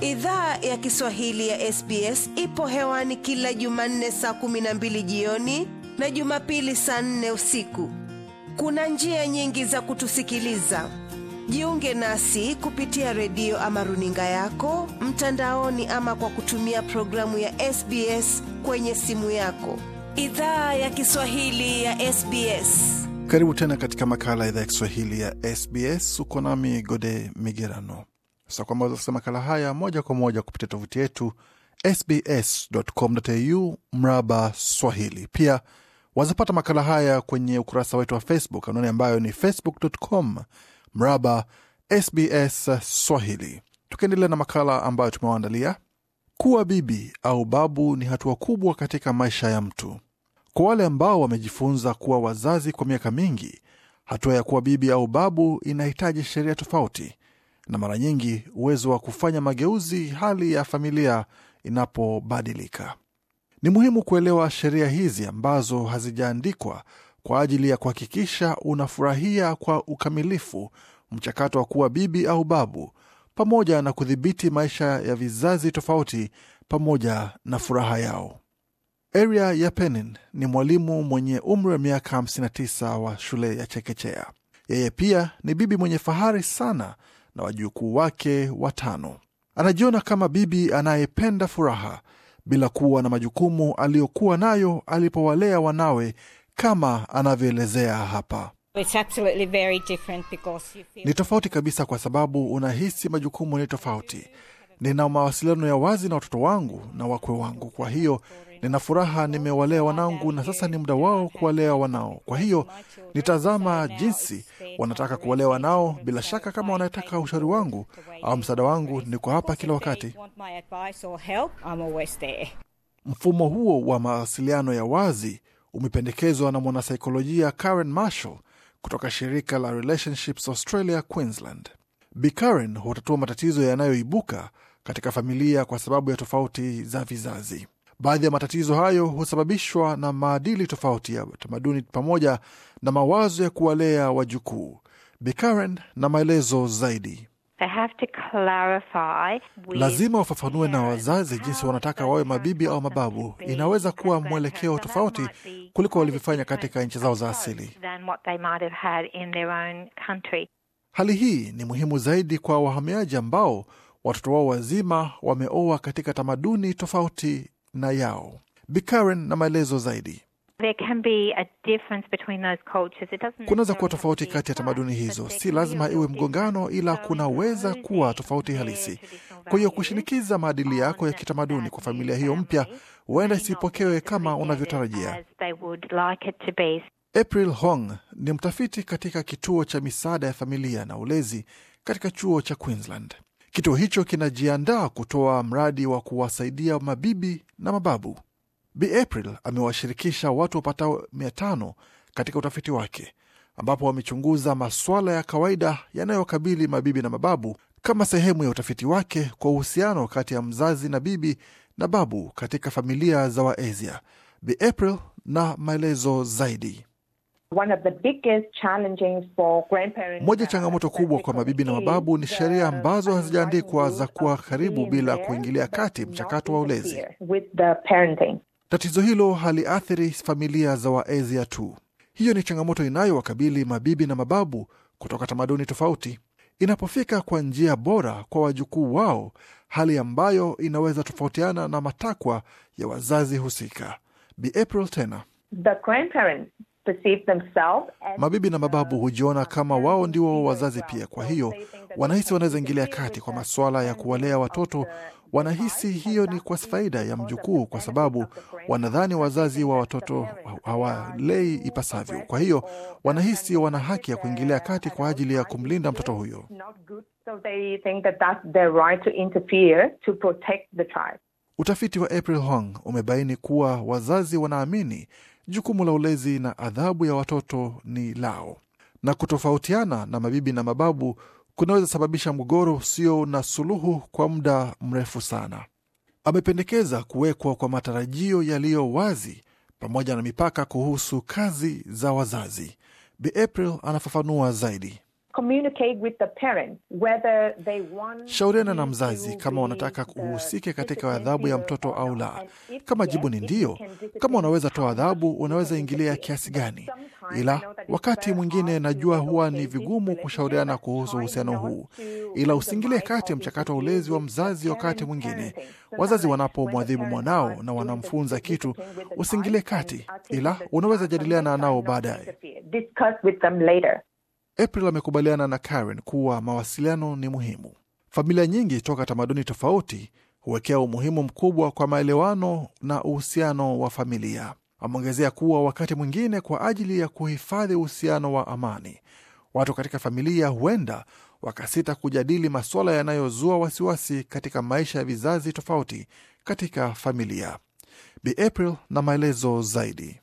Idhaa ya Kiswahili ya SBS ipo hewani kila Jumanne saa kumi na mbili jioni na Jumapili saa nne usiku. Kuna njia nyingi za kutusikiliza. Jiunge nasi kupitia redio ama runinga yako mtandaoni, ama kwa kutumia programu ya SBS kwenye simu yako. Idhaa ya Kiswahili ya SBS. Karibu tena katika makala ya idhaa ya Kiswahili ya SBS. Uko nami Gode Migerano. Sasa kwamba waweza makala haya moja kwa moja kupitia tovuti yetu sbs.com.au mraba Swahili. Pia wazapata makala haya kwenye ukurasa wetu wa Facebook, anwani ambayo ni facebook.com mraba SBS Swahili. Tukiendelea na makala ambayo tumewaandalia, kuwa bibi au babu ni hatua kubwa katika maisha ya mtu. Kwa wale ambao wamejifunza kuwa wazazi kwa miaka mingi, hatua ya kuwa bibi au babu inahitaji sheria tofauti na mara nyingi uwezo wa kufanya mageuzi hali ya familia inapobadilika. Ni muhimu kuelewa sheria hizi ambazo hazijaandikwa kwa ajili ya kuhakikisha unafurahia kwa ukamilifu mchakato wa kuwa bibi au babu, pamoja na kudhibiti maisha ya vizazi tofauti pamoja na furaha yao. aria Yepenin ni mwalimu mwenye umri wa miaka 59 wa shule ya chekechea. Yeye pia ni bibi mwenye fahari sana na wajukuu wake watano. Anajiona kama bibi anayependa furaha bila kuwa na majukumu aliyokuwa nayo alipowalea wanawe, kama anavyoelezea hapa. Ni tofauti kabisa, kwa sababu unahisi majukumu ni tofauti Nina mawasiliano ya wazi na watoto wangu na wakwe wangu, kwa hiyo nina furaha. Nimewalea wanangu na sasa ni muda wao kuwalea wanao. Kwa hiyo nitazama jinsi wanataka kuwalea wanao. Bila shaka, kama wanataka ushauri wangu au msaada wangu, niko hapa kila wakati. Mfumo huo wa mawasiliano ya wazi umependekezwa na mwanasaikolojia Karen Marshall kutoka shirika la Relationships Australia Queensland. Bikaren hutatua matatizo yanayoibuka katika familia kwa sababu ya tofauti za vizazi. Baadhi ya matatizo hayo husababishwa na maadili tofauti ya tamaduni pamoja na mawazo ya kuwalea wajukuu. Bikaren na maelezo zaidi. They have to clarify with... lazima wafafanue na wazazi jinsi wanataka wawe mabibi au mababu. Inaweza kuwa mwelekeo tofauti kuliko walivyofanya katika nchi zao za asili. Hali hii ni muhimu zaidi kwa wahamiaji ambao watoto wao wazima wameoa katika tamaduni tofauti na yao. Bikaren na maelezo zaidi. Kunaweza kuwa tofauti kati ya tamaduni hizo, si lazima iwe mgongano, ila kunaweza kuwa tofauti halisi. Kwa hiyo kushinikiza maadili yako ya kitamaduni kwa familia hiyo mpya huenda isipokewe kama unavyotarajia. April Hong ni mtafiti katika kituo cha misaada ya familia na ulezi katika chuo cha Queensland. Kituo hicho kinajiandaa kutoa mradi wa kuwasaidia mabibi na mababu. Bi April amewashirikisha watu wapatao mia tano katika utafiti wake ambapo wamechunguza masuala ya kawaida yanayokabili mabibi na mababu kama sehemu ya utafiti wake kwa uhusiano kati ya mzazi na bibi na babu katika familia za Waasia. Bi April na maelezo zaidi. Moja changamoto kubwa kwa mabibi na mababu ni sheria ambazo hazijaandikwa za kuwa karibu bila kuingilia kati mchakato wa ulezi. Tatizo hilo haliathiri familia za Waasia tu. Hiyo ni changamoto inayowakabili mabibi na mababu kutoka tamaduni tofauti, inapofika kwa njia bora kwa wajukuu wao, hali ambayo inaweza tofautiana na matakwa ya wazazi husika. Bi April tena The grandparents Mabibi na mababu hujiona kama wao ndio wazazi pia, kwa hiyo wanahisi wanaweza ingilia kati kwa masuala ya kuwalea watoto. Wanahisi hiyo ni kwa faida ya mjukuu, kwa sababu wanadhani wazazi wa watoto hawalei um, ipasavyo. Kwa hiyo wanahisi wana haki ya kuingilia kati kwa ajili ya kumlinda mtoto huyo. Utafiti wa April Hong umebaini kuwa wazazi wanaamini jukumu la ulezi na adhabu ya watoto ni lao, na kutofautiana na mabibi na mababu kunaweza sababisha mgogoro usio na suluhu kwa muda mrefu sana. Amependekeza kuwekwa kwa matarajio yaliyo wazi pamoja na mipaka kuhusu kazi za wazazi. Bi April anafafanua zaidi. Shauriana na mzazi kama wanataka kuhusike katika adhabu ya mtoto au la. Kama jibu ni ndiyo, kama unaweza toa adhabu, unaweza ingilia kiasi gani? Ila wakati mwingine, najua huwa ni vigumu kushauriana kuhusu uhusiano huu, ila usiingilie kati ya mchakato wa ulezi wa mzazi. Wakati mwingine wazazi wanapomwadhibu mwanao na wanamfunza kitu, usiingilie kati, ila unaweza jadiliana nao baadaye. April amekubaliana na Karen kuwa mawasiliano ni muhimu. Familia nyingi toka tamaduni tofauti huwekea umuhimu mkubwa kwa maelewano na uhusiano wa familia. Ameongezea kuwa wakati mwingine, kwa ajili ya kuhifadhi uhusiano wa amani, watu katika familia huenda wakasita kujadili masuala yanayozua wasiwasi katika maisha ya vizazi tofauti katika familia. Bi April na maelezo zaidi.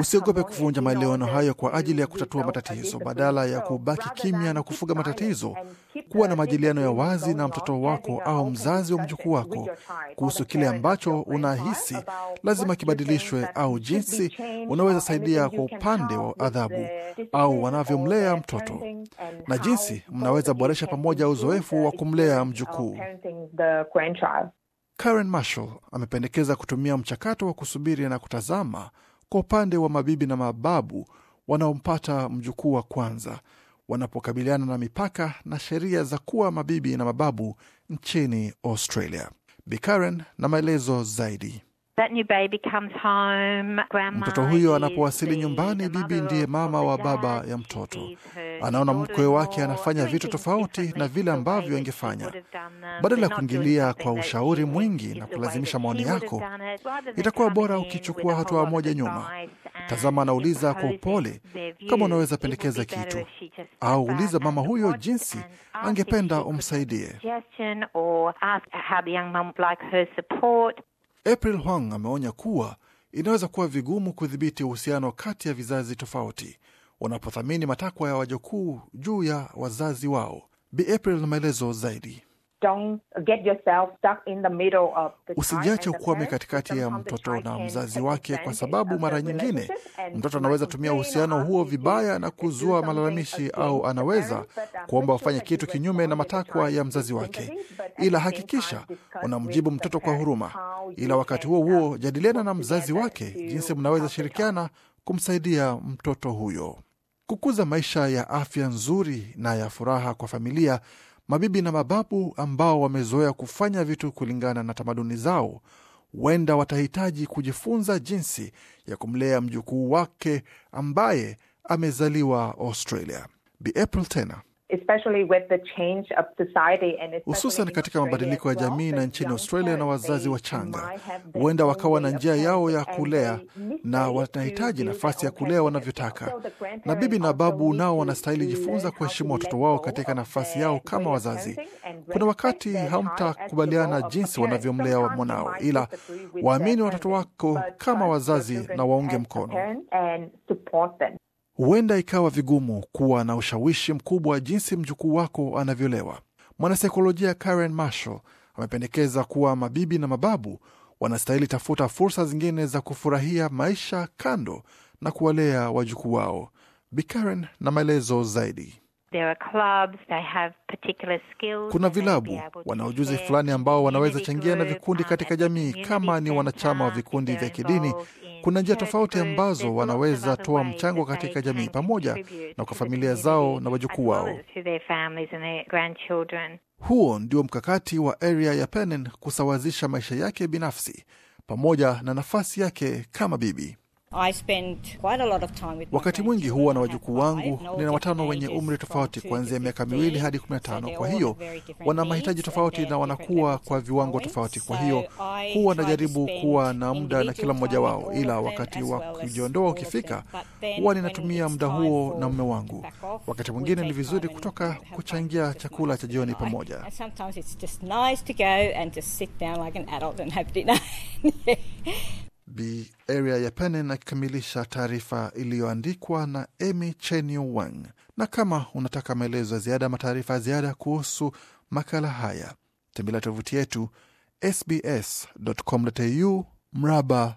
Usiogope kuvunja maelewano hayo kwa ajili ya kutatua matatizo, badala ya kubaki kimya na kufuga matatizo. Kuwa na majadiliano ya wazi na mtoto wako au mzazi wa mjukuu wako kuhusu kile ambacho unahisi lazima kibadilishwe au jinsi unaweza saidia kwa upande wa adhabu au wanavyomlea mtoto na jinsi mnaweza boresha pamoja uzoefu wa kumlea mjukuu. Karen Marshall amependekeza kutumia mchakato wa kusubiri na kutazama kwa upande wa mabibi na mababu wanaompata mjukuu wa kwanza wanapokabiliana na mipaka na sheria za kuwa mabibi na mababu nchini Australia. Bi na maelezo zaidi. That new baby comes home. Mtoto huyo anapowasili nyumbani, bibi ndiye mama wa baba ya mtoto anaona mkwe wake anafanya vitu tofauti na vile ambavyo angefanya. Badala ya kuingilia kwa ushauri mwingi na kulazimisha maoni yako, itakuwa bora ukichukua hatua moja nyuma. Tazama, anauliza kwa upole kama unaweza pendekeza kitu, au uliza mama huyo jinsi angependa umsaidie. April Huang ameonya kuwa inaweza kuwa vigumu kudhibiti uhusiano kati ya vizazi tofauti, wanapothamini matakwa ya wajukuu juu ya wazazi wao. Bi April na maelezo zaidi. Usijiache ukwame katikati ya mtoto na mzazi wake, kwa sababu mara nyingine mtoto anaweza tumia uhusiano huo vibaya na kuzua malalamishi, au anaweza um, kuomba wafanye kitu kinyume na matakwa ya mzazi wake. Ila hakikisha unamjibu mtoto kwa huruma, ila wakati huo huo jadiliana na mzazi wake jinsi mnaweza shirikiana kumsaidia mtoto huyo kukuza maisha ya afya nzuri na ya furaha kwa familia, mabibi na mababu ambao wamezoea kufanya vitu kulingana na tamaduni zao huenda watahitaji kujifunza jinsi ya kumlea mjukuu wake ambaye amezaliwa Australia. Bi April tena hususan katika mabadiliko ya jamii na nchini Australia na wazazi wachanga huenda wakawa na njia yao ya kulea na wanahitaji nafasi ya kulea wanavyotaka, na bibi na babu nao wanastahili jifunza kuheshimu watoto wao katika nafasi yao kama wazazi. Kuna wakati hamtakubaliana jinsi wanavyomlea wa mwanao, ila waamini watoto wako kama wazazi na waunge mkono huenda ikawa vigumu kuwa na ushawishi mkubwa jinsi mjukuu wako anavyolewa. Mwanasaikolojia Karen Marshall amependekeza kuwa mabibi na mababu wanastahili tafuta fursa zingine za kufurahia maisha kando na kuwalea wajukuu wao. Bi Karen na maelezo zaidi. There are clubs, they have particular skills, kuna vilabu wana ujuzi fulani ambao wanaweza changia na vikundi um, katika jamii, kama ni wanachama wa vikundi vya kidini. Kuna njia tofauti ambazo wanaweza toa mchango katika jamii, pamoja na kwa familia zao na wajukuu wao. Huo ndio mkakati wa Area ya Penen kusawazisha maisha yake binafsi pamoja na nafasi yake kama bibi. Wakati mwingi huwa na wajukuu wangu, nina watano wenye umri tofauti kuanzia miaka miwili hadi kumi na tano. Kwa hiyo wana mahitaji tofauti na wanakuwa kwa viwango tofauti. Kwa hiyo huwa najaribu kuwa na muda na kila mmoja wao, ila wakati wa kujiondoa ukifika, huwa ninatumia muda huo na mume wangu. Wakati mwingine ni vizuri kutoka kuchangia chakula cha jioni pamoja. Bi Area ya Penen akikamilisha taarifa iliyoandikwa na Emy Chenyu Wang. Na kama unataka maelezo ya ziada mataarifa ya ziada kuhusu makala haya, tembelea tovuti yetu sbs.com.au mraba